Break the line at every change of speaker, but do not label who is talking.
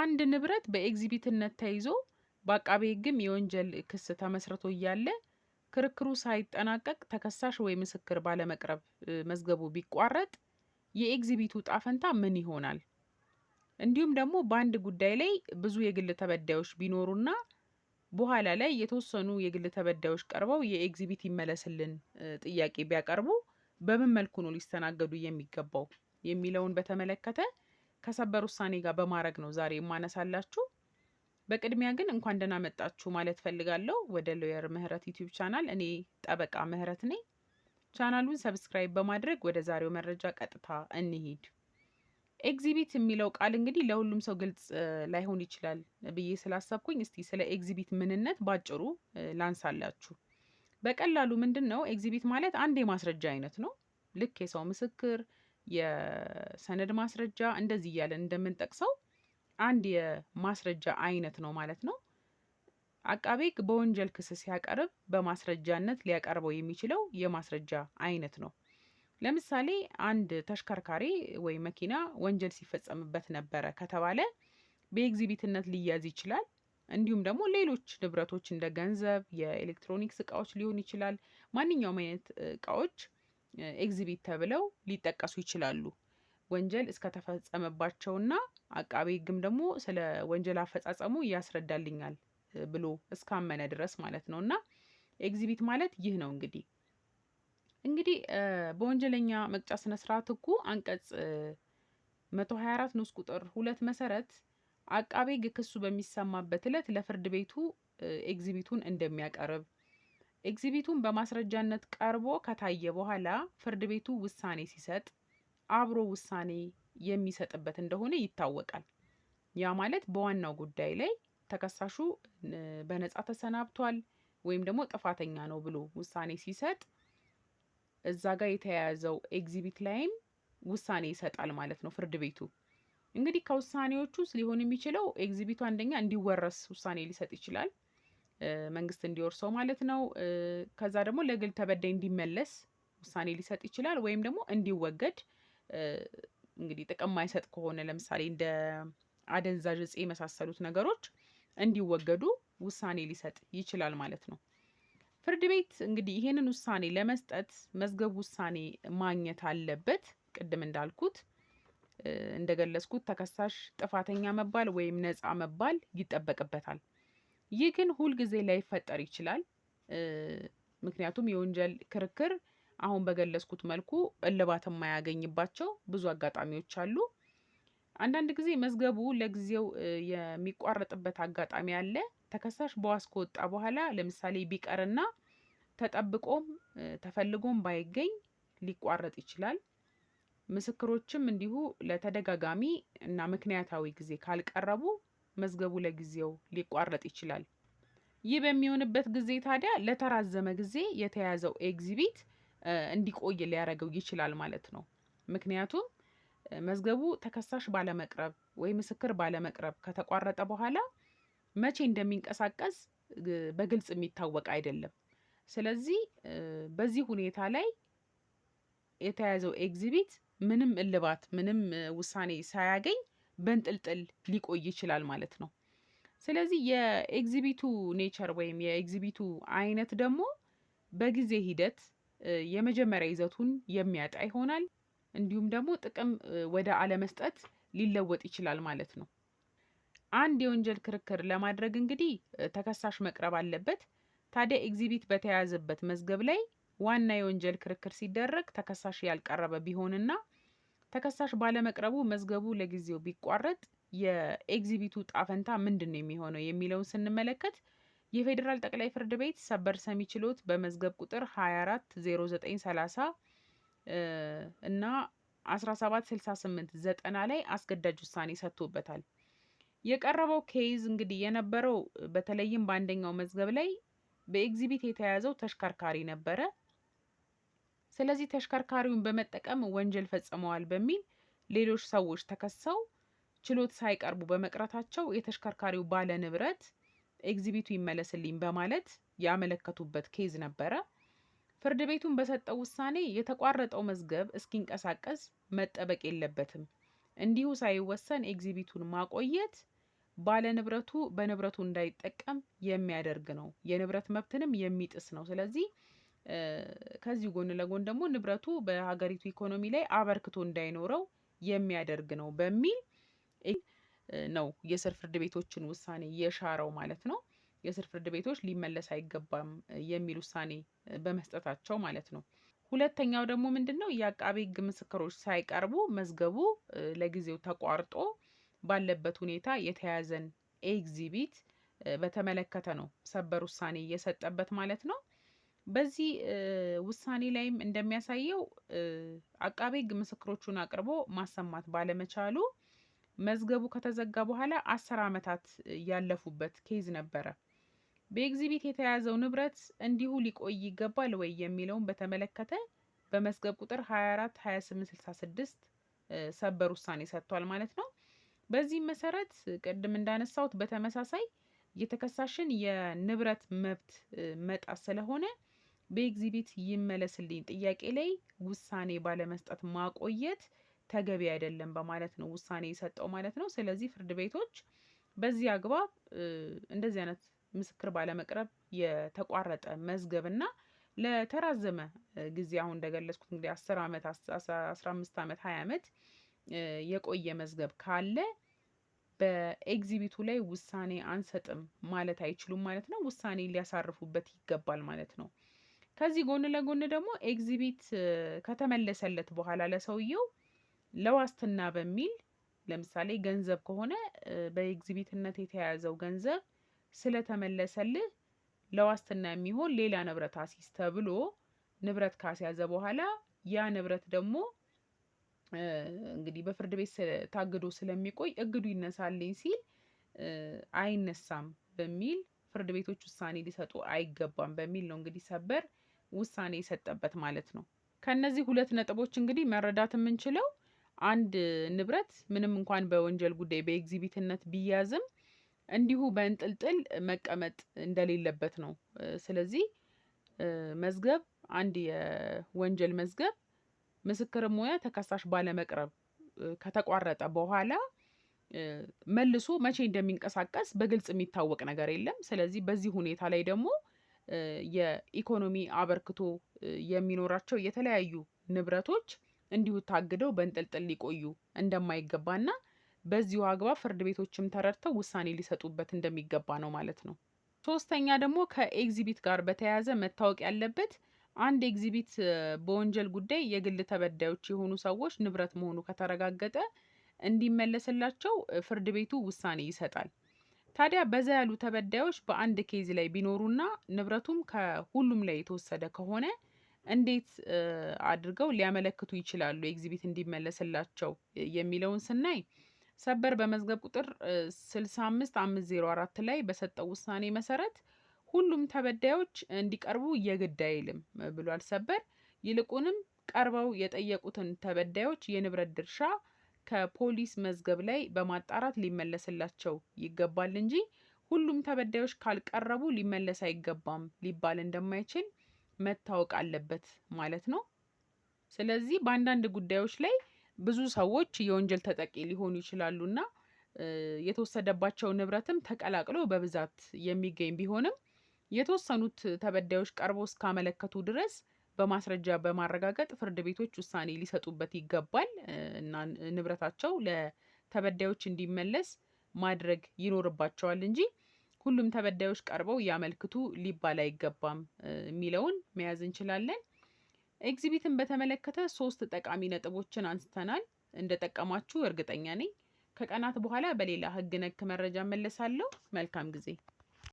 አንድ ንብረት በኤግዚቢትነት ተይዞ በአቃቤ ሕግም የወንጀል ክስ ተመስርቶ እያለ ክርክሩ ሳይጠናቀቅ ተከሳሽ ወይ ምስክር ባለመቅረብ መዝገቡ ቢቋረጥ የኤግዚቢቱ ጣፈንታ ምን ይሆናል? እንዲሁም ደግሞ በአንድ ጉዳይ ላይ ብዙ የግል ተበዳዮች ቢኖሩና በኋላ ላይ የተወሰኑ የግል ተበዳዮች ቀርበው የኤግዚቢት ይመለስልን ጥያቄ ቢያቀርቡ በምን መልኩ ነው ሊስተናገዱ የሚገባው የሚለውን በተመለከተ ከሰበር ውሳኔ ጋር በማድረግ ነው ዛሬ የማነሳላችሁ። በቅድሚያ ግን እንኳን ደህና መጣችሁ ማለት ፈልጋለሁ ወደ ሎየር ምህረት ዩቲዩብ ቻናል። እኔ ጠበቃ ምህረት ነኝ። ቻናሉን ሰብስክራይብ በማድረግ ወደ ዛሬው መረጃ ቀጥታ እንሂድ። ኤግዚቢት የሚለው ቃል እንግዲህ ለሁሉም ሰው ግልጽ ላይሆን ይችላል ብዬ ስላሰብኩኝ እስቲ ስለ ኤግዚቢት ምንነት ባጭሩ ላንሳላችሁ። በቀላሉ ምንድን ነው ኤግዚቢት ማለት አንድ የማስረጃ አይነት ነው። ልክ የሰው ምስክር የሰነድ ማስረጃ እንደዚህ እያለን እንደምንጠቅሰው አንድ የማስረጃ አይነት ነው ማለት ነው። አቃቤ ሕግ በወንጀል ክስ ሲያቀርብ በማስረጃነት ሊያቀርበው የሚችለው የማስረጃ አይነት ነው። ለምሳሌ አንድ ተሽከርካሪ ወይ መኪና ወንጀል ሲፈጸምበት ነበረ ከተባለ በኤግዚቢትነት ሊያዝ ይችላል። እንዲሁም ደግሞ ሌሎች ንብረቶች እንደ ገንዘብ፣ የኤሌክትሮኒክስ እቃዎች ሊሆን ይችላል። ማንኛውም አይነት እቃዎች ኤግዚቢት ተብለው ሊጠቀሱ ይችላሉ። ወንጀል እስከተፈጸመባቸውና አቃቤ ሕግም ደግሞ ስለ ወንጀል አፈጻጸሙ ያስረዳልኛል ብሎ እስካመነ ድረስ ማለት ነው። እና ኤግዚቢት ማለት ይህ ነው እንግዲህ እንግዲህ በወንጀለኛ መቅጫ ስነ ስርዓት ህጉ አንቀጽ 124 ንዑስ ቁጥር ሁለት መሰረት አቃቤ ሕግ ክሱ በሚሰማበት እለት ለፍርድ ቤቱ ኤግዚቢቱን እንደሚያቀርብ ኤግዚቢቱን በማስረጃነት ቀርቦ ከታየ በኋላ ፍርድ ቤቱ ውሳኔ ሲሰጥ አብሮ ውሳኔ የሚሰጥበት እንደሆነ ይታወቃል። ያ ማለት በዋናው ጉዳይ ላይ ተከሳሹ በነጻ ተሰናብቷል ወይም ደግሞ ጥፋተኛ ነው ብሎ ውሳኔ ሲሰጥ እዛ ጋር የተያያዘው ኤግዚቢት ላይም ውሳኔ ይሰጣል ማለት ነው ፍርድ ቤቱ። እንግዲህ ከውሳኔዎች ውስጥ ሊሆን የሚችለው ኤግዚቢቱ አንደኛ እንዲወረስ ውሳኔ ሊሰጥ ይችላል። መንግስት እንዲወርሰው ማለት ነው። ከዛ ደግሞ ለግል ተበዳይ እንዲመለስ ውሳኔ ሊሰጥ ይችላል። ወይም ደግሞ እንዲወገድ እንግዲህ ጥቅም ማይሰጥ ከሆነ ለምሳሌ እንደ አደንዛዥ እጽ የመሳሰሉት ነገሮች እንዲወገዱ ውሳኔ ሊሰጥ ይችላል ማለት ነው። ፍርድ ቤት እንግዲህ ይህንን ውሳኔ ለመስጠት መዝገብ ውሳኔ ማግኘት አለበት። ቅድም እንዳልኩት እንደገለጽኩት ተከሳሽ ጥፋተኛ መባል ወይም ነፃ መባል ይጠበቅበታል። ይህ ግን ሁልጊዜ ላይፈጠር ይችላል። ምክንያቱም የወንጀል ክርክር አሁን በገለጽኩት መልኩ እልባት የማያገኝባቸው ብዙ አጋጣሚዎች አሉ። አንዳንድ ጊዜ መዝገቡ ለጊዜው የሚቋረጥበት አጋጣሚ አለ። ተከሳሽ በዋስ ከወጣ በኋላ ለምሳሌ ቢቀርና ተጠብቆም ተፈልጎም ባይገኝ ሊቋረጥ ይችላል። ምስክሮችም እንዲሁ ለተደጋጋሚ እና ምክንያታዊ ጊዜ ካልቀረቡ መዝገቡ ለጊዜው ሊቋረጥ ይችላል። ይህ በሚሆንበት ጊዜ ታዲያ ለተራዘመ ጊዜ የተያዘው ኤግዚቢት እንዲቆይ ሊያደርገው ይችላል ማለት ነው። ምክንያቱም መዝገቡ ተከሳሽ ባለመቅረብ ወይ ምስክር ባለመቅረብ ከተቋረጠ በኋላ መቼ እንደሚንቀሳቀስ በግልጽ የሚታወቅ አይደለም። ስለዚህ በዚህ ሁኔታ ላይ የተያዘው ኤግዚቢት ምንም እልባት ምንም ውሳኔ ሳያገኝ በንጥልጥል ሊቆይ ይችላል ማለት ነው። ስለዚህ የኤግዚቢቱ ኔቸር ወይም የኤግዚቢቱ አይነት ደግሞ በጊዜ ሂደት የመጀመሪያ ይዘቱን የሚያጣ ይሆናል። እንዲሁም ደግሞ ጥቅም ወደ አለመስጠት ሊለወጥ ይችላል ማለት ነው። አንድ የወንጀል ክርክር ለማድረግ እንግዲህ ተከሳሽ መቅረብ አለበት። ታዲያ ኤግዚቢት በተያያዘበት መዝገብ ላይ ዋና የወንጀል ክርክር ሲደረግ ተከሳሽ ያልቀረበ ቢሆንና ተከሳሽ ባለመቅረቡ መዝገቡ ለጊዜው ቢቋረጥ የኤግዚቢቱ ጣፈንታ ምንድን ነው የሚሆነው የሚለውን ስንመለከት የፌዴራል ጠቅላይ ፍርድ ቤት ሰበር ሰሚ ችሎት በመዝገብ ቁጥር 240930 እና 176890 ላይ አስገዳጅ ውሳኔ ሰጥቶበታል። የቀረበው ኬዝ እንግዲህ የነበረው በተለይም በአንደኛው መዝገብ ላይ በኤግዚቢት የተያዘው ተሽከርካሪ ነበረ። ስለዚህ ተሽከርካሪውን በመጠቀም ወንጀል ፈጽመዋል በሚል ሌሎች ሰዎች ተከሰው ችሎት ሳይቀርቡ በመቅረታቸው የተሽከርካሪው ባለ ንብረት ኤግዚቢቱ ይመለስልኝ በማለት ያመለከቱበት ኬዝ ነበረ። ፍርድ ቤቱን በሰጠው ውሳኔ የተቋረጠው መዝገብ እስኪንቀሳቀስ መጠበቅ የለበትም፣ እንዲሁ ሳይወሰን ኤግዚቢቱን ማቆየት ባለ ንብረቱ በንብረቱ እንዳይጠቀም የሚያደርግ ነው፣ የንብረት መብትንም የሚጥስ ነው። ስለዚህ ከዚህ ጎን ለጎን ደግሞ ንብረቱ በሀገሪቱ ኢኮኖሚ ላይ አበርክቶ እንዳይኖረው የሚያደርግ ነው በሚል ነው የስር ፍርድ ቤቶችን ውሳኔ የሻረው ማለት ነው። የስር ፍርድ ቤቶች ሊመለስ አይገባም የሚል ውሳኔ በመስጠታቸው ማለት ነው። ሁለተኛው ደግሞ ምንድን ነው? የአቃቤ ሕግ ምስክሮች ሳይቀርቡ መዝገቡ ለጊዜው ተቋርጦ ባለበት ሁኔታ የተያዘን ኤግዚቢት በተመለከተ ነው ሰበር ውሳኔ የሰጠበት ማለት ነው። በዚህ ውሳኔ ላይም እንደሚያሳየው አቃቤ ሕግ ምስክሮቹን አቅርቦ ማሰማት ባለመቻሉ መዝገቡ ከተዘጋ በኋላ አስር ዓመታት ያለፉበት ኬዝ ነበረ። በኤግዚቢት የተያዘው ንብረት እንዲሁ ሊቆይ ይገባል ወይ የሚለውን በተመለከተ በመዝገብ ቁጥር 24 2866 ሰበር ውሳኔ ሰጥቷል ማለት ነው። በዚህም መሰረት ቅድም እንዳነሳሁት በተመሳሳይ የተከሳሽን የንብረት መብት መጣስ ስለሆነ በኤግዚቢት ይመለስልኝ ጥያቄ ላይ ውሳኔ ባለመስጠት ማቆየት ተገቢ አይደለም በማለት ነው ውሳኔ የሰጠው ማለት ነው። ስለዚህ ፍርድ ቤቶች በዚህ አግባብ እንደዚህ አይነት ምስክር ባለመቅረብ የተቋረጠ መዝገብ እና ለተራዘመ ጊዜ አሁን እንደገለጽኩት እንግዲህ አስር ዓመት አስራ አምስት ዓመት ሀያ አመት የቆየ መዝገብ ካለ በኤግዚቢቱ ላይ ውሳኔ አንሰጥም ማለት አይችሉም ማለት ነው። ውሳኔ ሊያሳርፉበት ይገባል ማለት ነው። ከዚህ ጎን ለጎን ደግሞ ኤግዚቢት ከተመለሰለት በኋላ ለሰውየው ለዋስትና በሚል ለምሳሌ ገንዘብ ከሆነ በኤግዚቢትነት የተያያዘው ገንዘብ ስለተመለሰልህ ለዋስትና የሚሆን ሌላ ንብረት አሲስ ተብሎ ንብረት ካስያዘ በኋላ ያ ንብረት ደግሞ እንግዲህ በፍርድ ቤት ታግዶ ስለሚቆይ እግዱ ይነሳልኝ ሲል አይነሳም በሚል ፍርድ ቤቶች ውሳኔ ሊሰጡ አይገባም በሚል ነው እንግዲህ ሰበር ውሳኔ የሰጠበት ማለት ነው። ከእነዚህ ሁለት ነጥቦች እንግዲህ መረዳት የምንችለው አንድ ንብረት ምንም እንኳን በወንጀል ጉዳይ በኤግዚቢትነት ቢያዝም እንዲሁ በእንጥልጥል መቀመጥ እንደሌለበት ነው። ስለዚህ መዝገብ አንድ የወንጀል መዝገብ ምስክርም ሆነ ተከሳሽ ባለመቅረብ ከተቋረጠ በኋላ መልሶ መቼ እንደሚንቀሳቀስ በግልጽ የሚታወቅ ነገር የለም። ስለዚህ በዚህ ሁኔታ ላይ ደግሞ የኢኮኖሚ አበርክቶ የሚኖራቸው የተለያዩ ንብረቶች እንዲሁ ታግደው በንጥልጥል ሊቆዩ እንደማይገባና በዚሁ አግባብ ፍርድ ቤቶችም ተረድተው ውሳኔ ሊሰጡበት እንደሚገባ ነው ማለት ነው። ሶስተኛ ደግሞ ከኤግዚቢት ጋር በተያያዘ መታወቅ ያለበት አንድ ኤግዚቢት በወንጀል ጉዳይ የግል ተበዳዮች የሆኑ ሰዎች ንብረት መሆኑ ከተረጋገጠ እንዲመለስላቸው ፍርድ ቤቱ ውሳኔ ይሰጣል። ታዲያ በዛ ያሉ ተበዳዮች በአንድ ኬዝ ላይ ቢኖሩና ንብረቱም ከሁሉም ላይ የተወሰደ ከሆነ እንዴት አድርገው ሊያመለክቱ ይችላሉ ኤግዚቢት እንዲመለስላቸው የሚለውን ስናይ ሰበር በመዝገብ ቁጥር 65504 ላይ በሰጠው ውሳኔ መሰረት ሁሉም ተበዳዮች እንዲቀርቡ የግድ አይልም ብሏል ሰበር። ይልቁንም ቀርበው የጠየቁትን ተበዳዮች የንብረት ድርሻ ከፖሊስ መዝገብ ላይ በማጣራት ሊመለስላቸው ይገባል እንጂ ሁሉም ተበዳዮች ካልቀረቡ ሊመለስ አይገባም ሊባል እንደማይችል መታወቅ አለበት ማለት ነው። ስለዚህ በአንዳንድ ጉዳዮች ላይ ብዙ ሰዎች የወንጀል ተጠቂ ሊሆኑ ይችላሉና የተወሰደባቸው ንብረትም ተቀላቅሎ በብዛት የሚገኝ ቢሆንም የተወሰኑት ተበዳዮች ቀርቦ እስካመለከቱ ድረስ በማስረጃ በማረጋገጥ ፍርድ ቤቶች ውሳኔ ሊሰጡበት ይገባል እና ንብረታቸው ለተበዳዮች እንዲመለስ ማድረግ ይኖርባቸዋል እንጂ ሁሉም ተበዳዮች ቀርበው ያመልክቱ ሊባል አይገባም የሚለውን መያዝ እንችላለን። ኤግዚቢትን በተመለከተ ሶስት ጠቃሚ ነጥቦችን አንስተናል። እንደ ጠቀማችሁ እርግጠኛ ነኝ። ከቀናት በኋላ በሌላ ህግ ነክ መረጃ መለሳለሁ። መልካም ጊዜ